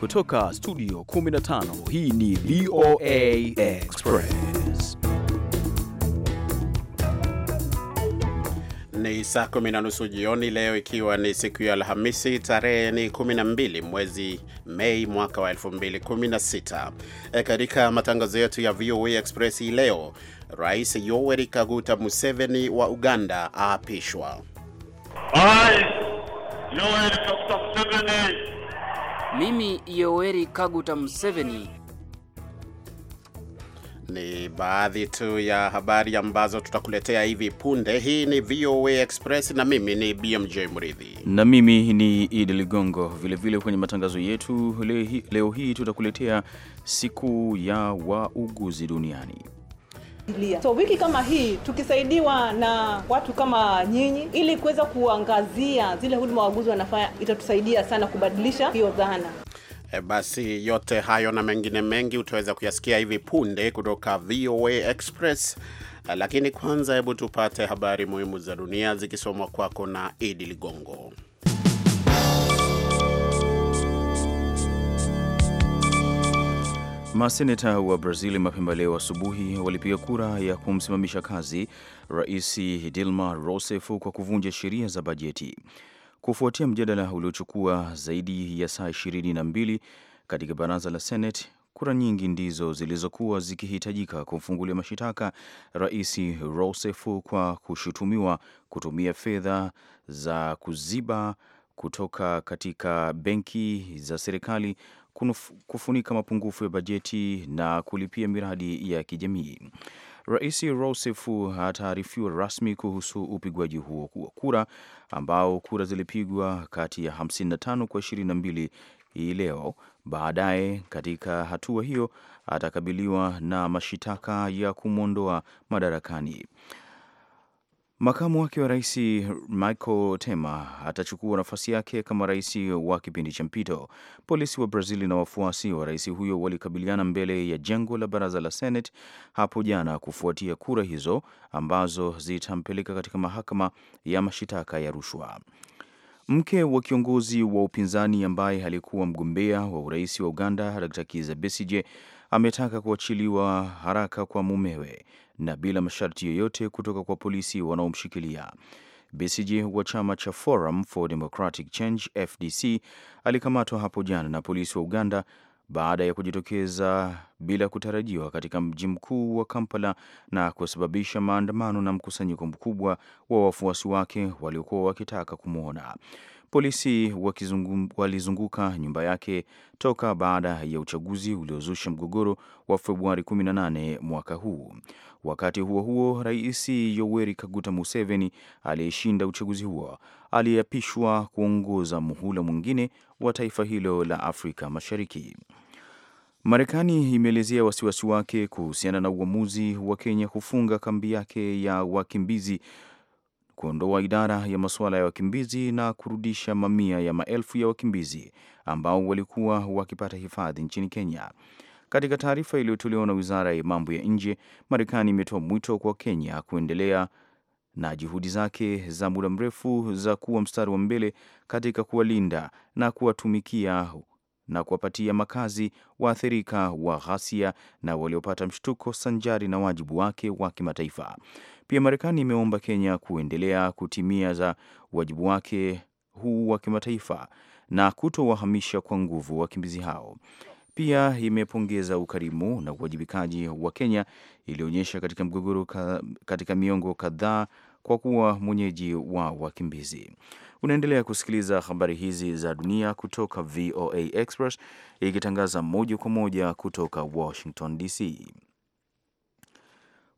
Kutoka studio 15 hii ni VOA Express. Ni saa kumi na nusu jioni leo, ikiwa ni siku ya Alhamisi, tarehe ni 12 mwezi Mei mwaka wa 2016. E, katika matangazo yetu ya VOA Express hii leo, Rais Yoweri Kaguta Museveni wa Uganda aapishwa. Rais Yoweri Kaguta Museveni mimi Yoweri Kaguta Museveni. Ni baadhi tu ya habari ambazo tutakuletea hivi punde. Hii ni VOA Express na mimi ni BMJ Mridhi na mimi ni Idi Ligongo. Vilevile kwenye matangazo yetu leo hii tutakuletea siku ya wauguzi duniani. So wiki kama hii tukisaidiwa na watu kama nyinyi, ili kuweza kuangazia zile huduma waguzi wanafanya, itatusaidia sana kubadilisha hiyo dhana. E, basi yote hayo na mengine mengi utaweza kuyasikia hivi punde kutoka VOA Express, e, lakini kwanza, hebu tupate habari muhimu za dunia zikisomwa kwako na Idi Ligongo. Maseneta wa Brazil mapema leo asubuhi walipiga kura ya kumsimamisha kazi Rais Dilma Rousseff kwa kuvunja sheria za bajeti kufuatia mjadala uliochukua zaidi ya saa ishirini na mbili katika baraza la Senate. Kura nyingi ndizo zilizokuwa zikihitajika kumfungulia mashitaka Rais Rousseff kwa kushutumiwa kutumia fedha za kuziba kutoka katika benki za serikali kufunika mapungufu ya bajeti na kulipia miradi ya kijamii. Rais Rousseff ataarifiwa rasmi kuhusu upigwaji huo wa kura, ambao kura zilipigwa kati ya 55 kwa 22 hii leo. Baadaye katika hatua hiyo atakabiliwa na mashitaka ya kumwondoa madarakani. Makamu wake wa rais Michel Temer atachukua nafasi yake kama rais wa kipindi cha mpito. Polisi wa Brazil na wafuasi wa rais huyo walikabiliana mbele ya jengo la baraza la Senate hapo jana kufuatia kura hizo ambazo zitampeleka katika mahakama ya mashitaka ya rushwa. Mke wa kiongozi wa upinzani ambaye alikuwa mgombea wa urais wa Uganda, Dkt. Kizza Besigye ametaka kuachiliwa haraka kwa mumewe na bila masharti yoyote kutoka kwa polisi wanaomshikilia. Besigye wa chama cha Forum for Democratic Change FDC alikamatwa hapo jana na polisi wa Uganda baada ya kujitokeza bila kutarajiwa katika mji mkuu wa Kampala na kusababisha maandamano na mkusanyiko mkubwa wa wafuasi wake waliokuwa wakitaka kumwona. Polisi walizunguka nyumba yake toka baada ya uchaguzi uliozusha mgogoro wa Februari 18 mwaka huu. Wakati huo huo, Rais Yoweri Kaguta Museveni aliyeshinda uchaguzi huo aliyeapishwa kuongoza muhula mwingine wa taifa hilo la Afrika Mashariki. Marekani imeelezea wasiwasi wake kuhusiana na uamuzi wa Kenya kufunga kambi yake ya wakimbizi kuondoa idara ya masuala ya wakimbizi na kurudisha mamia ya maelfu ya wakimbizi ambao walikuwa wakipata hifadhi nchini Kenya. Katika taarifa iliyotolewa na wizara ya mambo ya nje, Marekani imetoa mwito kwa Kenya kuendelea na juhudi zake za muda mrefu za kuwa mstari wa mbele katika kuwalinda na kuwatumikia na kuwapatia makazi waathirika wa ghasia na waliopata mshtuko sanjari na wajibu wake wa kimataifa. Pia Marekani imeomba Kenya kuendelea kutimiza wajibu wake huu wa kimataifa na kutowahamisha kwa nguvu wakimbizi hao. Pia imepongeza ukarimu na uwajibikaji wa Kenya iliyoonyesha katika mgogoro katika miongo kadhaa kwa kuwa mwenyeji wa wakimbizi. Unaendelea kusikiliza habari hizi za dunia kutoka VOA Express ikitangaza moja kwa moja kutoka Washington DC.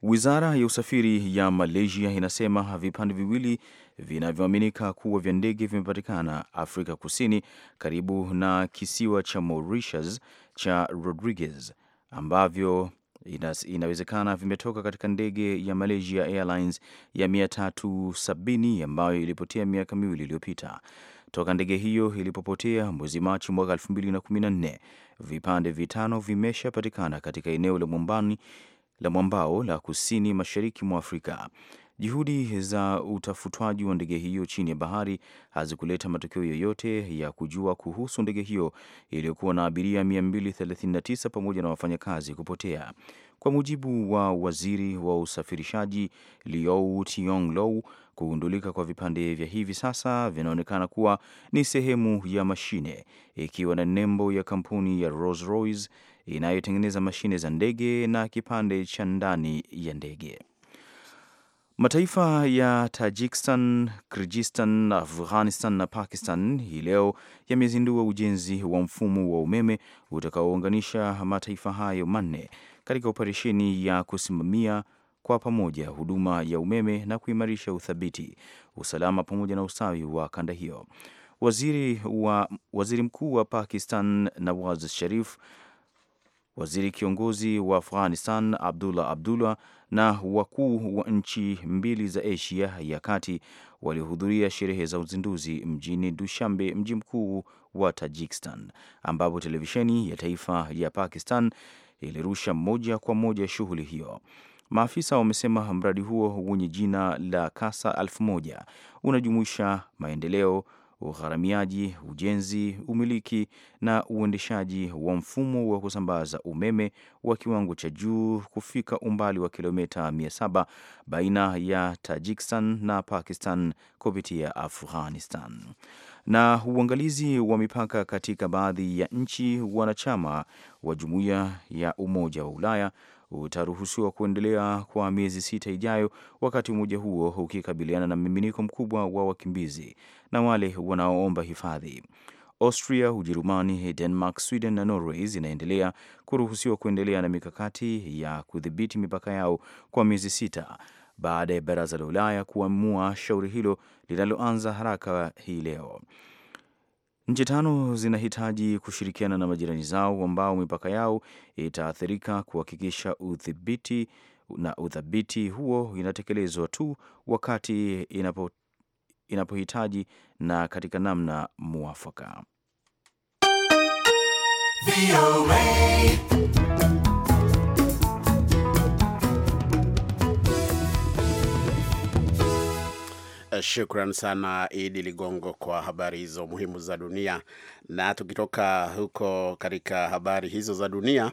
Wizara ya usafiri ya Malaysia inasema vipande viwili vinavyoaminika kuwa vya ndege vimepatikana Afrika Kusini karibu na kisiwa cha Mauritius cha Rodriguez ambavyo inawezekana vimetoka katika ndege ya Malaysia Airlines ya 370 ambayo ilipotea miaka miwili iliyopita. Toka ndege hiyo ilipopotea mwezi Machi mwaka 2014, vipande vitano vimeshapatikana katika eneo la mwambao la kusini mashariki mwa Afrika. Juhudi za utafutwaji wa ndege hiyo chini ya bahari hazikuleta matokeo yoyote ya kujua kuhusu ndege hiyo iliyokuwa na abiria 239 pamoja na wafanyakazi kupotea. Kwa mujibu wa waziri wa usafirishaji Liou Tiong Low, kugundulika kwa vipande vya hivi sasa vinaonekana kuwa ni sehemu ya mashine ikiwa na nembo ya kampuni ya Rolls-Royce inayotengeneza mashine za ndege na kipande cha ndani ya ndege. Mataifa ya Tajikistan, Kirgistan, Afghanistan na Pakistan hii leo yamezindua ujenzi wa mfumo wa umeme utakaounganisha mataifa hayo manne katika operesheni ya kusimamia kwa pamoja huduma ya umeme na kuimarisha uthabiti, usalama pamoja na ustawi wa kanda hiyo. Waziri wa waziri mkuu wa Pakistan Nawaz Sharif waziri kiongozi wa Afghanistan Abdullah Abdullah na wakuu wa nchi mbili za Asia ya kati walihudhuria sherehe za uzinduzi mjini Dushambe, mji mkuu wa Tajikistan, ambapo televisheni ya taifa ya Pakistan ilirusha moja kwa moja shughuli hiyo. Maafisa wamesema mradi huo wenye jina la Kasa elfu moja unajumuisha maendeleo ugharamiaji, ujenzi, umiliki na uendeshaji wa mfumo wa kusambaza umeme wa kiwango cha juu kufika umbali wa kilomita 700 baina ya Tajikistan na Pakistan kupitia Afghanistan na uangalizi wa mipaka katika baadhi ya nchi wanachama wa Jumuiya ya Umoja wa Ulaya utaruhusiwa kuendelea kwa miezi sita ijayo, wakati umoja huo ukikabiliana na mmiminiko mkubwa wa wakimbizi na wale wanaoomba hifadhi. Austria, Ujerumani, Denmark, Sweden na Norway zinaendelea kuruhusiwa kuendelea na mikakati ya kudhibiti mipaka yao kwa miezi sita baada ya baraza la Ulaya kuamua shauri hilo linaloanza haraka hii leo. Nchi tano zinahitaji kushirikiana na majirani zao ambao mipaka yao itaathirika kuhakikisha udhibiti na udhabiti huo inatekelezwa tu wakati inapo inapohitaji na katika namna muafaka. Eh, shukran sana Idi Ligongo kwa habari hizo muhimu za dunia. Na tukitoka huko katika habari hizo za dunia,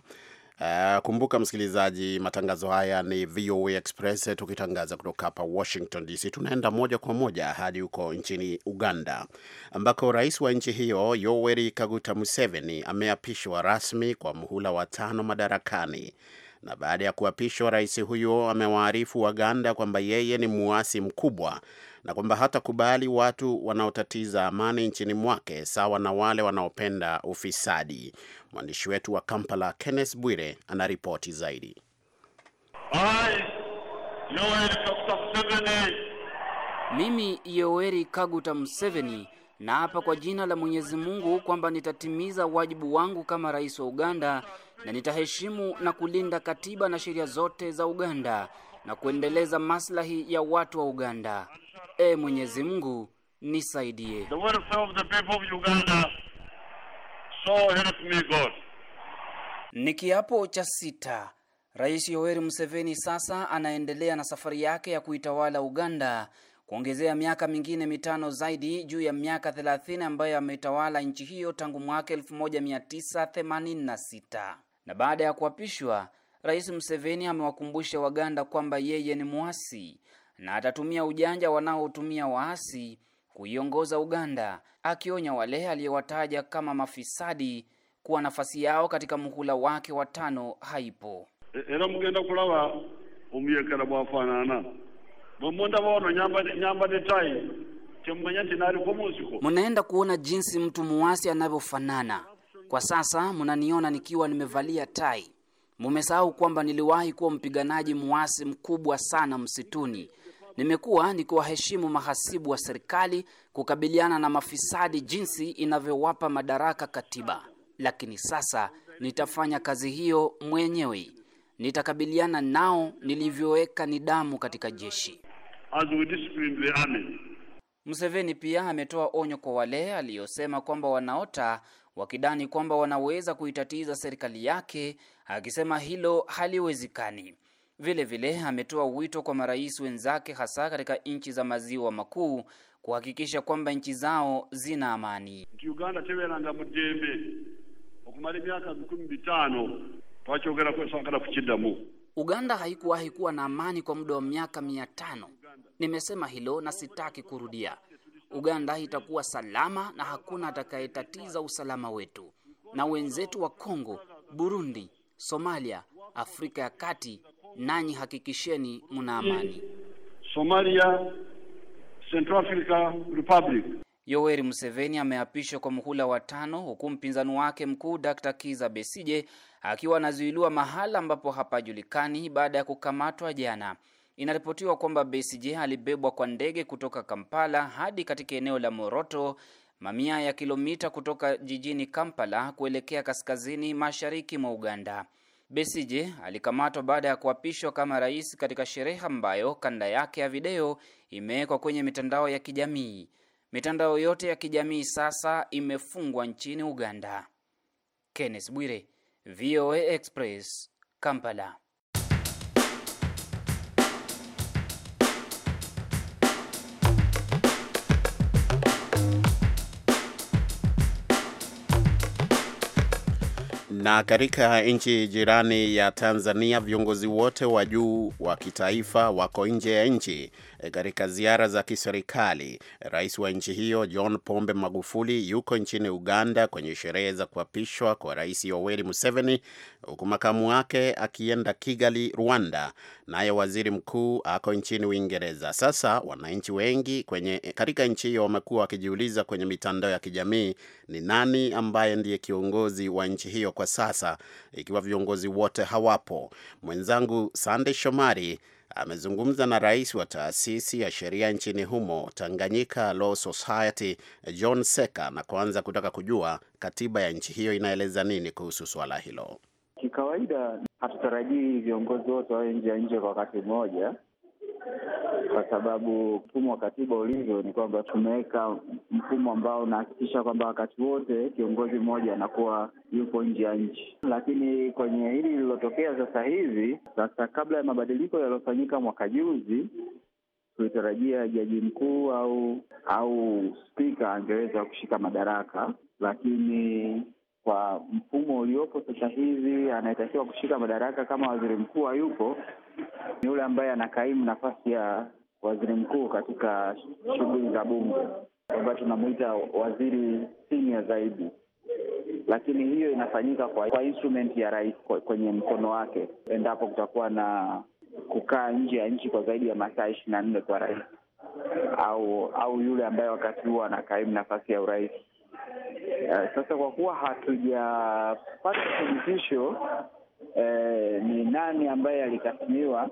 uh, kumbuka msikilizaji, matangazo haya ni VOA Express eh, tukitangaza kutoka hapa Washington DC. Tunaenda moja kwa moja hadi huko nchini Uganda ambako rais wa nchi hiyo Yoweri Kaguta Museveni ameapishwa rasmi kwa muhula wa tano madarakani na baada ya kuapishwa rais huyo amewaarifu Waganda kwamba yeye ni muasi mkubwa na kwamba hatakubali watu wanaotatiza amani nchini mwake sawa na wale wanaopenda ufisadi. Mwandishi wetu wa Kampala, Kenneth Bwire, anaripoti zaidi. Ay, Kaguta Mimi Yoweri Kaguta Museveni naapa kwa jina la Mwenyezi Mungu kwamba nitatimiza wajibu wangu kama rais wa Uganda na nitaheshimu na kulinda katiba na sheria zote za Uganda na kuendeleza maslahi ya watu wa Uganda. E Mwenyezi Mungu nisaidie. The welfare of the people of Uganda, so help me God. Ni kiapo cha sita. Rais Yoweri Museveni sasa anaendelea na safari yake ya kuitawala Uganda kuongezea miaka mingine mitano zaidi juu ya miaka 30 ambayo ametawala nchi hiyo tangu mwaka 1986. Na baada ya kuapishwa, Rais Museveni amewakumbusha Waganda kwamba yeye ni mwasi na atatumia ujanja wanaotumia waasi kuiongoza Uganda, akionya wale aliyowataja kama mafisadi kuwa nafasi yao katika muhula wake wa tano haipo era mugenda kulaba omuyekera bwafanana bomonda bono nyambade tai temumanya nti naliko munsiko munaenda kuona jinsi mtu muwasi anavyofanana kwa sasa munaniona nikiwa nimevalia tai mumesahau kwamba niliwahi kuwa mpiganaji muasi mkubwa sana msituni Nimekuwa nikiwaheshimu mahasibu wa serikali kukabiliana na mafisadi jinsi inavyowapa madaraka katiba, lakini sasa nitafanya kazi hiyo mwenyewe. Nitakabiliana nao nilivyoweka nidhamu katika jeshi. Museveni pia ametoa onyo kwa wale aliyosema kwamba wanaota wakidani kwamba wanaweza kuitatiza serikali yake, akisema hilo haliwezekani. Vile vile ametoa wito kwa marais wenzake hasa katika nchi za maziwa makuu kuhakikisha kwamba nchi zao zina amani. Uganda teberanga mudembe okumala miaka mikumi mitano twachogera kwesangala kuchidamu. Uganda haikuwahi kuwa na amani kwa muda wa miaka mia tano. Nimesema hilo na sitaki kurudia. Uganda itakuwa salama na hakuna atakayetatiza usalama wetu, na wenzetu wa Kongo, Burundi, Somalia, Afrika ya Kati nanyi hakikisheni mna amani. Somalia, Central Africa Republic. Yoweri Museveni ameapishwa kwa muhula wa tano huku mpinzani wake mkuu Dr. Kiza Besije akiwa anazuiliwa mahala ambapo hapajulikani baada ya kukamatwa jana. Inaripotiwa kwamba Besije alibebwa kwa ndege kutoka Kampala hadi katika eneo la Moroto, mamia ya kilomita kutoka jijini Kampala kuelekea kaskazini mashariki mwa Uganda. Besije alikamatwa baada ya kuapishwa kama rais katika sherehe ambayo kanda yake ya video imewekwa kwenye mitandao ya kijamii. Mitandao yote ya kijamii sasa imefungwa nchini Uganda. Kenneth Bwire, VOA Express, Kampala. Na katika nchi jirani ya Tanzania, viongozi wote wa juu wa kitaifa wako nje ya nchi e, katika ziara za kiserikali. Rais wa nchi hiyo John Pombe Magufuli yuko nchini Uganda kwenye sherehe za kuapishwa kwa Rais Yoweri Museveni, huku makamu wake akienda Kigali, Rwanda, naye waziri mkuu ako nchini Uingereza. Sasa wananchi wengi kwenye katika nchi hiyo wamekuwa wakijiuliza kwenye mitandao ya kijamii ni nani ambaye ndiye kiongozi wa nchi hiyo kwa sasa ikiwa viongozi wote hawapo. Mwenzangu Sande Shomari amezungumza na rais wa taasisi ya sheria nchini humo Tanganyika Law Society, John Seka, na kuanza kutaka kujua katiba ya nchi hiyo inaeleza nini kuhusu swala hilo. Kikawaida hatutarajii viongozi wote wawe nje ya nje kwa wakati mmoja, kwa sababu mfumo wa katiba ulivyo ni kwamba tumeweka mfumo ambao unahakikisha kwamba wakati wote kiongozi mmoja anakuwa yupo nje ya nchi. Lakini kwenye hili lililotokea sasa hivi, sasa kabla ya mabadiliko yaliyofanyika mwaka juzi, tulitarajia jaji mkuu au au spika angeweza kushika madaraka, lakini kwa mfumo uliopo sasa hivi anayetakiwa kushika madaraka kama waziri mkuu hayupo ni yule ambaye anakaimu nafasi ya waziri mkuu katika shughuli za bunge, ambayo tunamwita waziri senior zaidi, lakini hiyo inafanyika kwa, kwa instrument ya rais kwenye mkono wake, endapo kutakuwa na kukaa nje ya nchi kwa zaidi ya masaa ishirini na nne kwa rais au au yule ambaye wakati huo anakaimu nafasi ya urais. Uh, sasa kwa kuwa hatujapata thibitisho eh, ni nani ambaye alikasimiwa,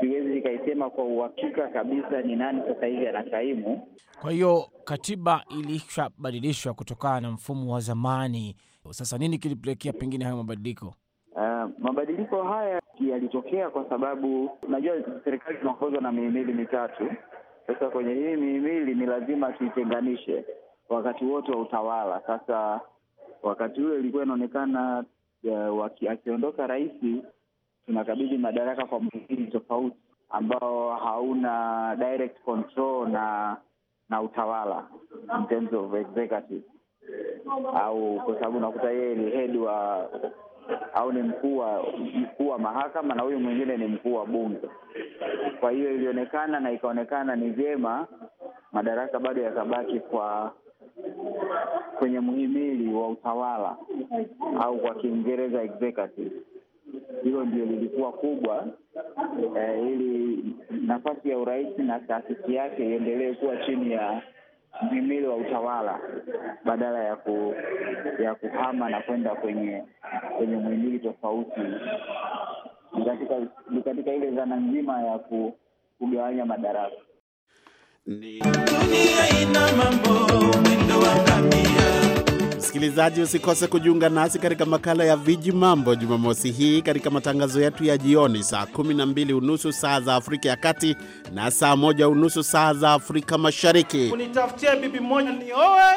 siwezi nikaisema kwa uhakika kabisa ni nani sasa hivi anakaimu. Kwa hiyo katiba ilishabadilishwa kutokana na mfumo wa zamani. Sasa nini kilipelekea pengine hayo mabadiliko? Uh, mabadiliko haya yalitokea kwa sababu unajua serikali inaongozwa na mihimili mitatu. Sasa kwenye hii mihimili ni lazima tuitenganishe wakati wote wa utawala. Sasa wakati huo ilikuwa inaonekana akiondoka rais, tunakabidhi madaraka kwa mwingine tofauti ambao hauna direct control na na utawala in terms of executive au kwa sababu unakuta yeye ni head wa au ni mkuu wa mkuu wa mahakama na huyu mwingine ni mkuu wa bunge. Kwa hiyo ilionekana na ikaonekana ni vyema madaraka bado yakabaki kwa kwenye mhimili wa utawala au kwa Kiingereza executive. Hilo ndio lilikuwa kubwa eh, ili nafasi ya urais na taasisi yake iendelee kuwa chini ya mhimili wa utawala badala ya ku, ya kuhama na kwenda kwenye kwenye mhimili tofauti. Ni katika ile dhana nzima ya kugawanya madaraka msikilizaji, usikose kujiunga nasi katika makala ya Viji Mambo Jumamosi hii katika matangazo yetu ya jioni saa 12 unusu saa za Afrika ya Kati na saa moja unusu saa za Afrika Mashariki. Unitafutie bibi moja nioe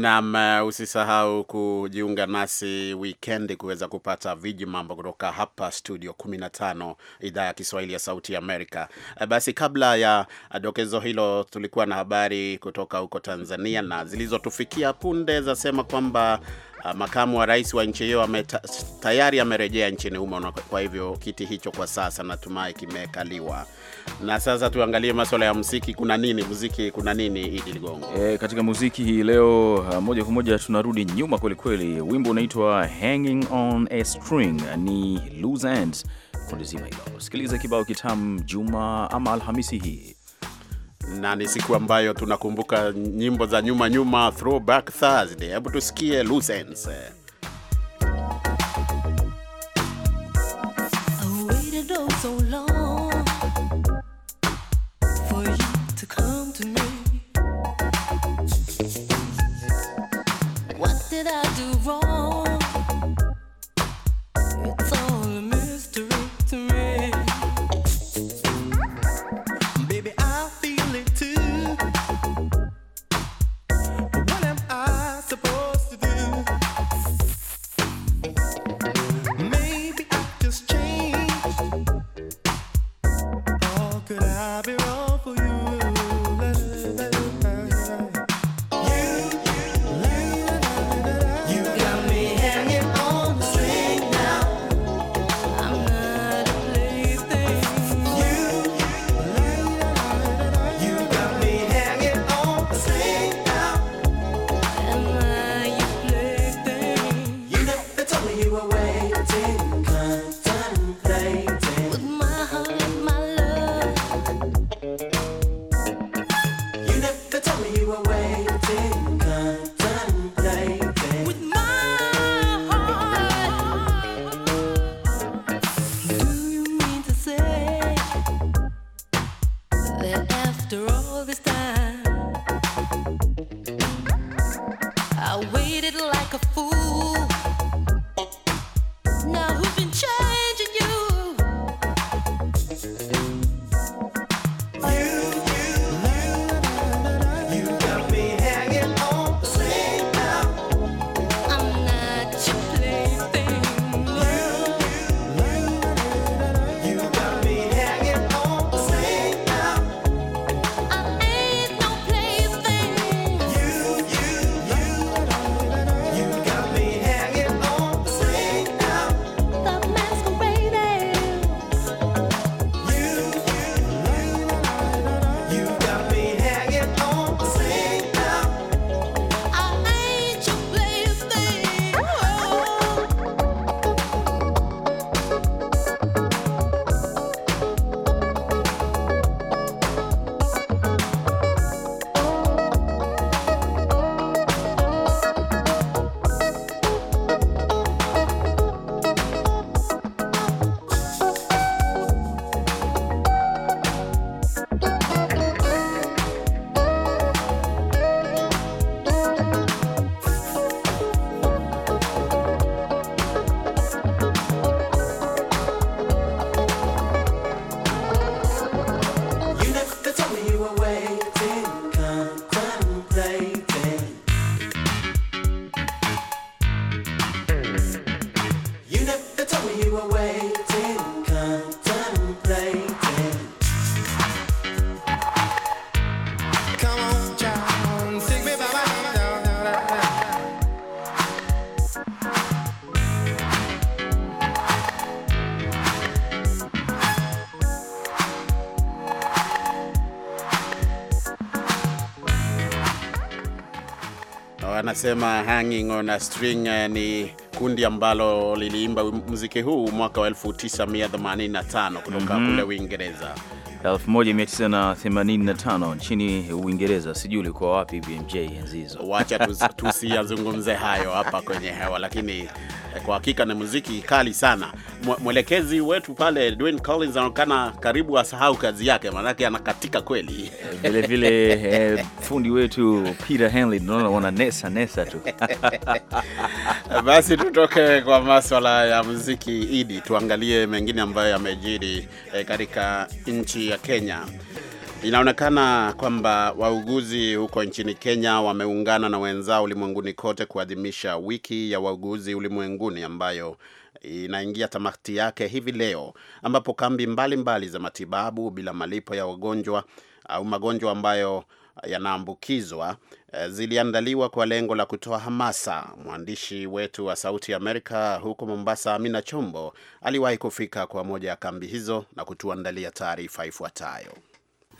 nam eh, usisahau kujiunga nasi wikendi kuweza kupata viji mambo kutoka hapa studio 15 idhaa ya Kiswahili ya Sauti ya Amerika. Eh, basi kabla ya dokezo hilo, tulikuwa na habari kutoka huko Tanzania na zilizotufikia punde zasema kwamba Ah, makamu wa rais wa nchi hiyo tayari amerejea nchini humo, na kwa hivyo kiti hicho kwa sasa natumai kimekaliwa. Na sasa tuangalie masuala ya muziki. Kuna nini muziki, kuna nini Idi Ligongo? E, katika muziki hii leo ah, moja kwa moja tunarudi nyuma kwelikweli. Wimbo unaitwa Hanging on a String ni Loose Ends. Kundi zima hilo, sikiliza kibao kitamu Juma ama Alhamisi hii na ni siku ambayo tunakumbuka nyimbo za nyuma nyuma, throwback Thursday. Hebu tusikie loose anasema Hanging on a String eh, ni kundi ambalo liliimba muziki huu mwaka wa 1985 kutoka mhm. kule mm -hmm. Uingereza 1985 nchini Uingereza. Sijui ulikuwa wapi BMJ enzi hizo. Wacha tusiyazungumze hayo hapa kwenye hewa, lakini kwa hakika ni muziki kali sana. Mwelekezi wetu pale Dwayne Collins anaonekana karibu asahau kazi yake, maanake anakatika kweli. Eh, vile vile eh, fundi wetu Peter Henley nesa tu basi tutoke kwa maswala ya muziki idi, tuangalie mengine ambayo yamejiri eh, katika nchi ya Kenya. Inaonekana kwamba wauguzi huko nchini Kenya wameungana na wenzao ulimwenguni kote kuadhimisha wiki ya wauguzi ulimwenguni ambayo inaingia tamati yake hivi leo, ambapo kambi mbalimbali mbali za matibabu bila malipo ya wagonjwa au magonjwa ambayo yanaambukizwa eh, ziliandaliwa kwa lengo la kutoa hamasa. Mwandishi wetu wa Sauti Amerika huko Mombasa, Amina Chombo, aliwahi kufika kwa moja ya kambi hizo na kutuandalia taarifa ifuatayo.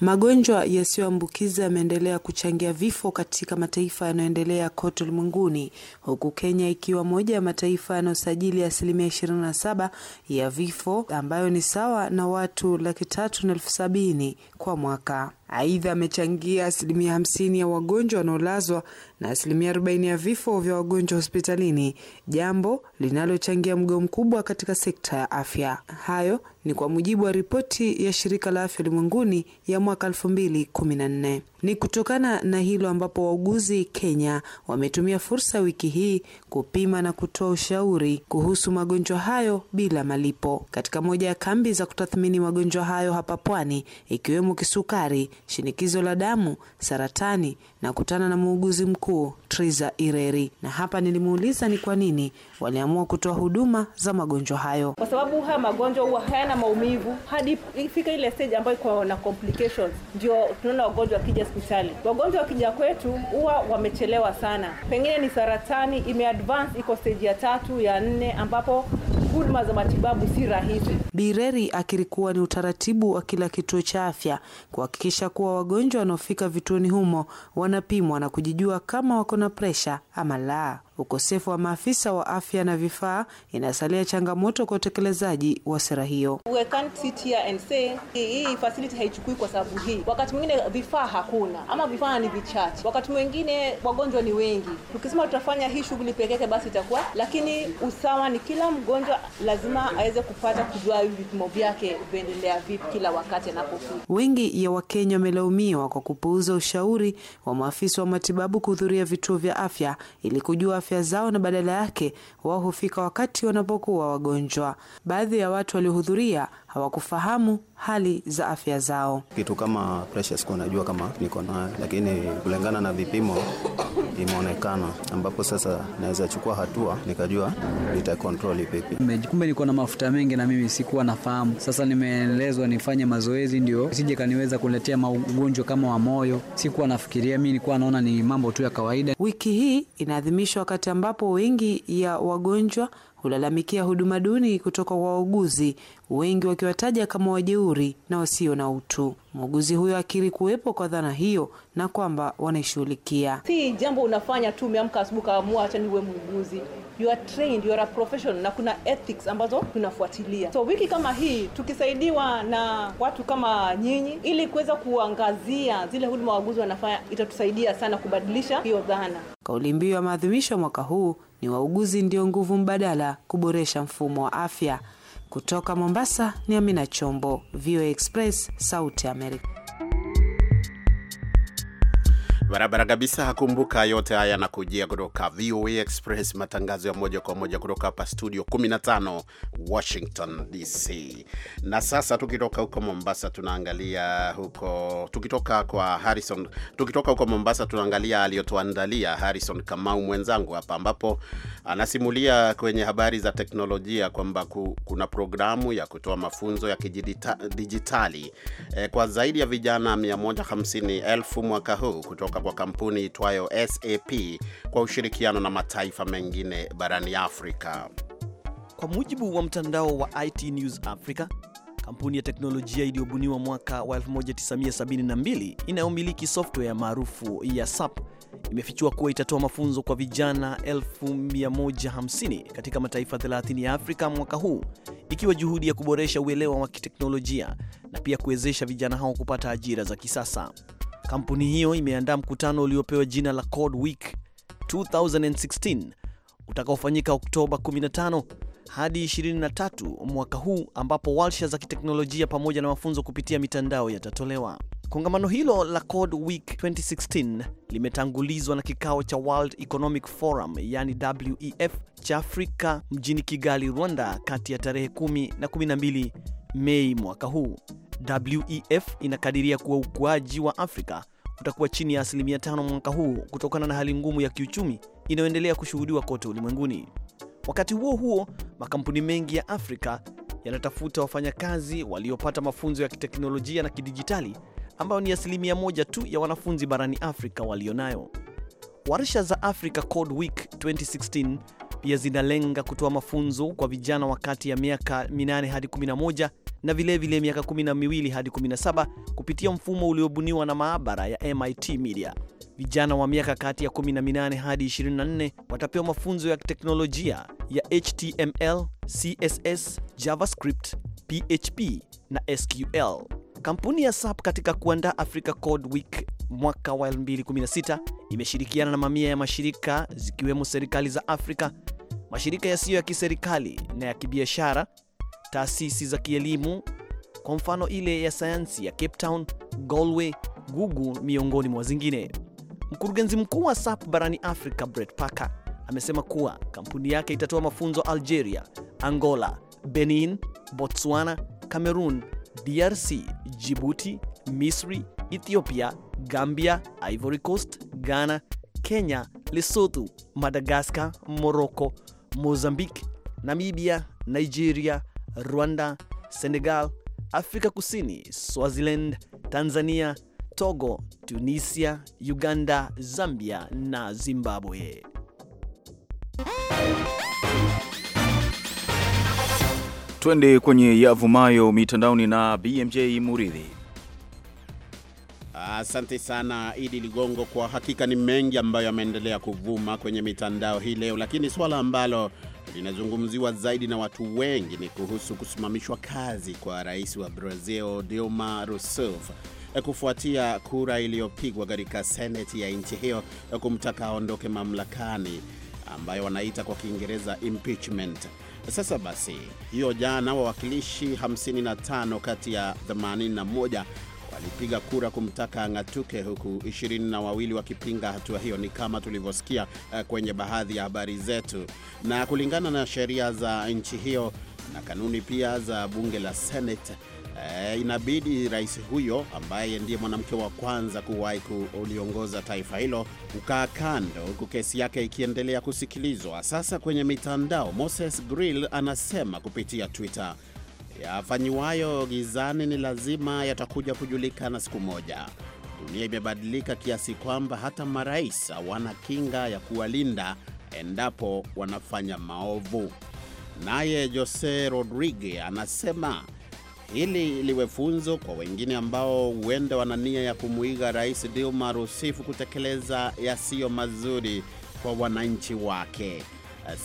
Magonjwa yasiyoambukiza yameendelea kuchangia vifo katika mataifa yanayoendelea kote ulimwenguni, huku Kenya ikiwa moja ya mataifa yanayosajili asilimia 27 ya vifo ambayo ni sawa na watu laki tatu na elfu sabini kwa mwaka. Aidha, amechangia asilimia hamsini ya wagonjwa wanaolazwa na asilimia 40 ya vifo vya wagonjwa hospitalini, jambo linalochangia mgao mkubwa katika sekta ya afya. Hayo ni kwa mujibu wa ripoti ya Shirika la Afya Ulimwenguni ya mwaka 2014. Ni kutokana na hilo ambapo wauguzi Kenya wametumia fursa wiki hii kupima na kutoa ushauri kuhusu magonjwa hayo bila malipo katika moja ya kambi za kutathmini magonjwa hayo hapa Pwani, ikiwemo kisukari, shinikizo la damu, saratani na kutana na muuguzi mkuu Triza Ireri. Na hapa nilimuuliza ni kwa nini waliamua kutoa huduma za magonjwa hayo. Kwa sababu haya magonjwa huwa hayana maumivu hadi ifika ile stage ambayo iko na complications, ndio tunaona wagonjwa wakija hospitali. Wagonjwa wakija kwetu huwa wamechelewa sana, pengine ni saratani imeadvance, iko stage ya tatu ya nne, ambapo huduma za matibabu si rahisi. Bireri akiri kuwa ni utaratibu wa kila kituo cha afya kuhakikisha kuwa wagonjwa wanaofika vituoni humo wanapimwa na kujijua kama wako na presha ama la ukosefu wa maafisa wa afya na vifaa inasalia changamoto kwa utekelezaji wa sera hiyo. hii facility haichukui kwa sababu hii. Wakati mwingine vifaa hakuna ama vifaa ni vichache, wakati mwingine wagonjwa ni wengi. Tukisema tutafanya hii shughuli pekeke basi itakuwa, lakini usawa ni kila mgonjwa lazima aweze kupata kujua vipimo vyake vyaendelea vipi kila wakati anapofika. Wengi ya Wakenya wamelaumiwa kwa kupuuza ushauri wa maafisa wa matibabu kuhudhuria vituo vya afya ili kujua afya zao na badala yake wao hufika wakati wanapokuwa wagonjwa. Baadhi ya watu waliohudhuria hawakufahamu hali za afya zao. Kitu kama pressure siku najua kama niko nayo, lakini kulingana na vipimo imeonekana, ambapo sasa naweza chukua hatua nikajua nita control vipi. Kumbe niko na mafuta mengi na mimi sikuwa nafahamu. Sasa nimeelezwa nifanye mazoezi ndio sije kaniweza kuletea maugonjwa kama wa moyo. Sikuwa nafikiria, mimi nilikuwa naona ni mambo tu ya kawaida. Wiki hii inaadhimishwa wakati ambapo wengi ya wagonjwa hulalamikia huduma duni kutoka kwa wauguzi wengi wakiwataja kama wajeuri na wasio na utu. Muuguzi huyo akiri kuwepo kwa dhana hiyo na kwamba wanaishughulikia. Si jambo unafanya tu, umeamka asubuhi kaamua acha niwe muuguzi. You are trained, you are a professional, na kuna ethics ambazo tunafuatilia. So wiki kama hii tukisaidiwa na watu kama nyinyi, ili kuweza kuangazia zile huduma wauguzi wanafanya, itatusaidia sana kubadilisha hiyo dhana. Kauli mbiu ya maadhimisho ya mwaka huu ni wauguzi ndio nguvu mbadala, kuboresha mfumo wa afya. Kutoka Mombasa ni Amina Chombo, VOA Express, Sauti america barabara kabisa. Kumbuka yote haya yanakujia kutoka VOA Express, matangazo ya moja kwa moja kutoka hapa studio 15 Washington DC. Na sasa tukitoka huko Mombasa tunaangalia huko, tukitoka kwa Harrison, tukitoka huko Mombasa tunaangalia aliyotuandalia Harrison Kamau mwenzangu hapa, ambapo anasimulia kwenye habari za teknolojia kwamba kuna programu ya kutoa mafunzo ya kidijitali eh, kwa zaidi ya vijana 150,000 mwaka huu kutoka kutoka kwa kampuni itwayo SAP kwa ushirikiano na mataifa mengine barani Afrika. Kwa mujibu wa mtandao wa IT News Africa, kampuni ya teknolojia iliyobuniwa mwaka wa 1972 inayomiliki software maarufu ya SAP imefichua kuwa itatoa mafunzo kwa vijana 150 katika mataifa 30 ya Afrika mwaka huu, ikiwa juhudi ya kuboresha uelewa wa kiteknolojia na pia kuwezesha vijana hao kupata ajira za kisasa. Kampuni hiyo imeandaa mkutano uliopewa jina la Code Week 2016 utakaofanyika Oktoba 15 hadi 23 mwaka huu, ambapo warsha za kiteknolojia pamoja na mafunzo kupitia mitandao yatatolewa. Kongamano hilo la Code Week 2016 limetangulizwa na kikao cha World Economic Forum yani WEF cha Afrika mjini Kigali, Rwanda, kati ya tarehe 10 na 12 Mei mwaka huu. WEF inakadiria kuwa ukuaji wa Afrika utakuwa chini ya asilimia tano mwaka huu kutokana na hali ngumu ya kiuchumi inayoendelea kushuhudiwa kote ulimwenguni. Wakati huo huo, makampuni mengi ya Afrika yanatafuta wafanyakazi waliopata mafunzo ya kiteknolojia na kidijitali ambayo ni asilimia moja tu ya wanafunzi barani Afrika walionayo. Warsha za Africa Code Week 2016 pia zinalenga kutoa mafunzo kwa vijana wakati ya miaka 8 hadi 11 na vilevile miaka kumi na miwili hadi 17 kupitia mfumo uliobuniwa na maabara ya MIT Media. Vijana wa miaka kati ya 18 hadi 24 watapewa mafunzo ya teknolojia ya HTML, CSS, JavaScript, PHP na SQL. Kampuni ya SAP katika kuandaa Africa Code Week mwaka wa 2016 imeshirikiana na mamia ya mashirika zikiwemo serikali za Afrika, mashirika yasiyo ya kiserikali na ya kibiashara taasisi za kielimu, kwa mfano ile ya sayansi ya Cape Town, Galway, Gugu miongoni mwa zingine. Mkurugenzi mkuu wa SAP barani Afrika Brett Parker amesema kuwa kampuni yake itatoa mafunzo Algeria, Angola, Benin, Botswana, Cameroon, DRC, Djibouti, Misri, Ethiopia, Gambia, Ivory Coast, Ghana, Kenya, Lesotho, Madagascar, Morocco, Mozambique, Namibia, Nigeria, Rwanda, Senegal, Afrika Kusini, Swaziland, Tanzania, Togo, Tunisia, Uganda, Zambia na Zimbabwe. Twende kwenye yavumayo mitandaoni na BMJ Muridhi. Asante sana Idi Ligongo. Kwa hakika ni mengi ambayo yameendelea kuvuma kwenye mitandao hii leo, lakini swala ambalo linazungumziwa zaidi na watu wengi ni kuhusu kusimamishwa kazi kwa rais wa Brazil Dilma Rousseff kufuatia kura iliyopigwa katika seneti ya nchi hiyo kumtaka aondoke mamlakani, ambayo wanaita kwa Kiingereza impeachment. Sasa basi, hiyo jana wawakilishi 55 kati ya 81 walipiga kura kumtaka ang'atuke, huku ishirini na wawili wakipinga hatua hiyo, ni kama tulivyosikia eh, kwenye baadhi ya habari zetu. Na kulingana na sheria za nchi hiyo na kanuni pia za bunge la Senate, eh, inabidi rais huyo ambaye ndiye mwanamke wa kwanza kuwahi kuliongoza taifa hilo kukaa kando, huku kesi yake ikiendelea kusikilizwa. Sasa kwenye mitandao, Moses Grill anasema kupitia Twitter yafanyiwayo gizani ni lazima yatakuja kujulikana siku moja. Dunia imebadilika kiasi kwamba hata marais hawana kinga ya kuwalinda endapo wanafanya maovu. Naye Jose Rodrigue anasema hili liwe funzo kwa wengine ambao huenda wana nia ya kumwiga Rais Dilma Rousseff kutekeleza yasiyo mazuri kwa wananchi wake.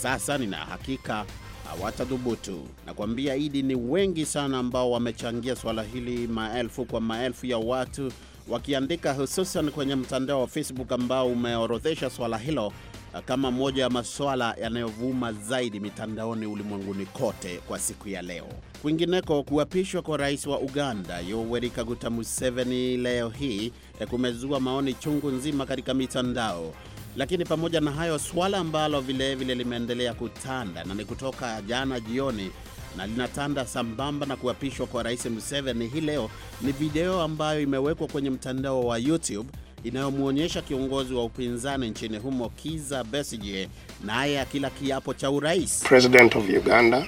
Sasa nina hakika hawatadhubutu. Nakwambia Idi, ni wengi sana ambao wamechangia swala hili, maelfu kwa maelfu ya watu wakiandika, hususan kwenye mtandao wa Facebook ambao umeorodhesha swala hilo eh, kama moja ya maswala yanayovuma zaidi mitandaoni ulimwenguni kote kwa siku ya leo. Kwingineko, kuapishwa kwa rais wa Uganda Yoweri Kaguta Museveni leo hii eh, kumezua maoni chungu nzima katika mitandao lakini pamoja na hayo, swala ambalo vilevile limeendelea kutanda na ni kutoka jana jioni na linatanda sambamba na kuapishwa kwa Rais Museveni hii leo ni video ambayo imewekwa kwenye mtandao wa YouTube inayomwonyesha kiongozi wa upinzani nchini humo Kiza Besigye naye akila kiapo cha urais. President of Uganda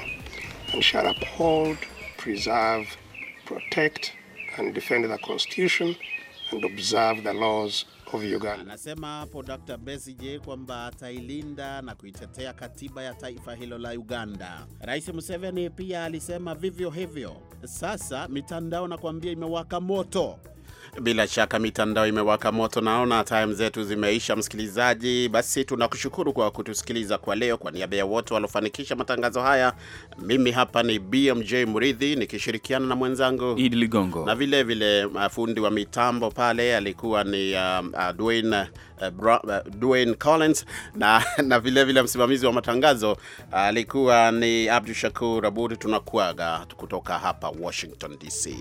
shall uphold, preserve, protect and defend the constitution and observe the laws of Uganda. Anasema hapo Dr. Besigye kwamba atailinda na kuitetea katiba ya taifa hilo la Uganda. Rais Museveni pia alisema vivyo hivyo. Sasa mitandao nakwambia imewaka moto. Bila shaka mitandao imewaka moto, naona time zetu zimeisha. Msikilizaji, basi tunakushukuru kwa kutusikiliza kwa leo. Kwa niaba ya wote waliofanikisha matangazo haya, mimi hapa ni BMJ Mridhi nikishirikiana na mwenzangu Idi Ligongo na vile vile uh, fundi wa mitambo pale alikuwa ni uh, uh, Dwayne uh, uh, Dwayne Collins na, na vile vile msimamizi wa matangazo alikuwa ni Abdu Shakur Abud. Tunakuaga kutoka hapa Washington DC.